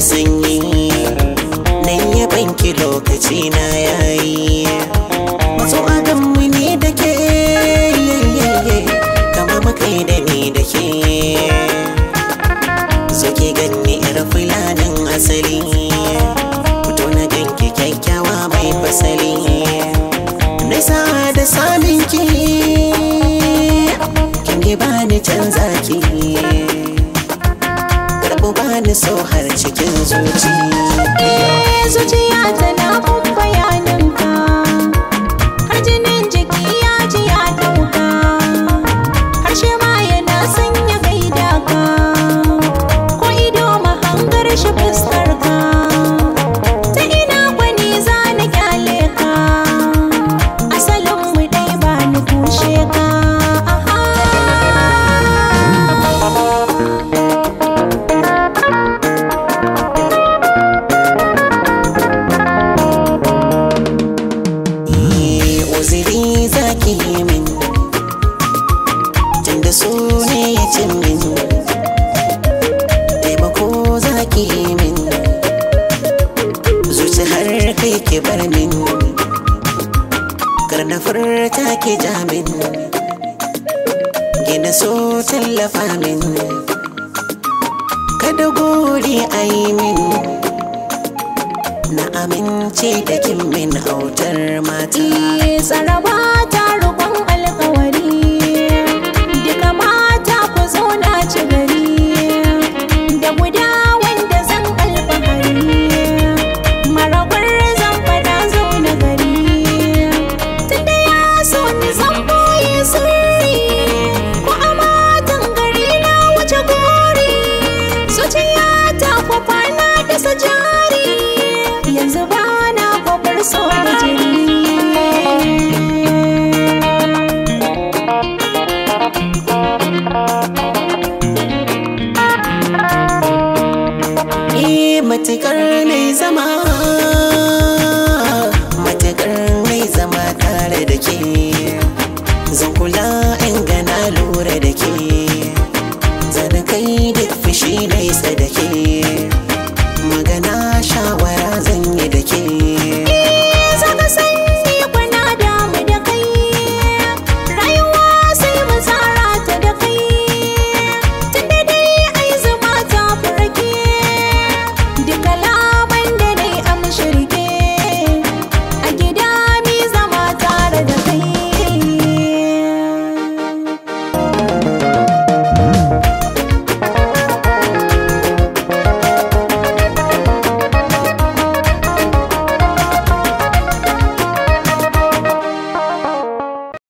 sanyi nan ya banki lokaci na yayi masu adam ne da ke kama makai da ni da ke zo ki ganni yar fulanin asali fito na ganki kyakkyawa mai fasali nisa da saminki kin ba ni canza zaki bani so har cikin zuci. Eh, zuciya tana kun bayanin da su ne ya cin min taimako za ki yi min zuci har kai ki bar min karnafar ta ki ja min gina so tallafa min kada gori a yi min na amince da kin min autar mata Eh matakar mai zama matakar mai zama tare da ke zan kula in gana lura da ke zan kai duk fushi na isa da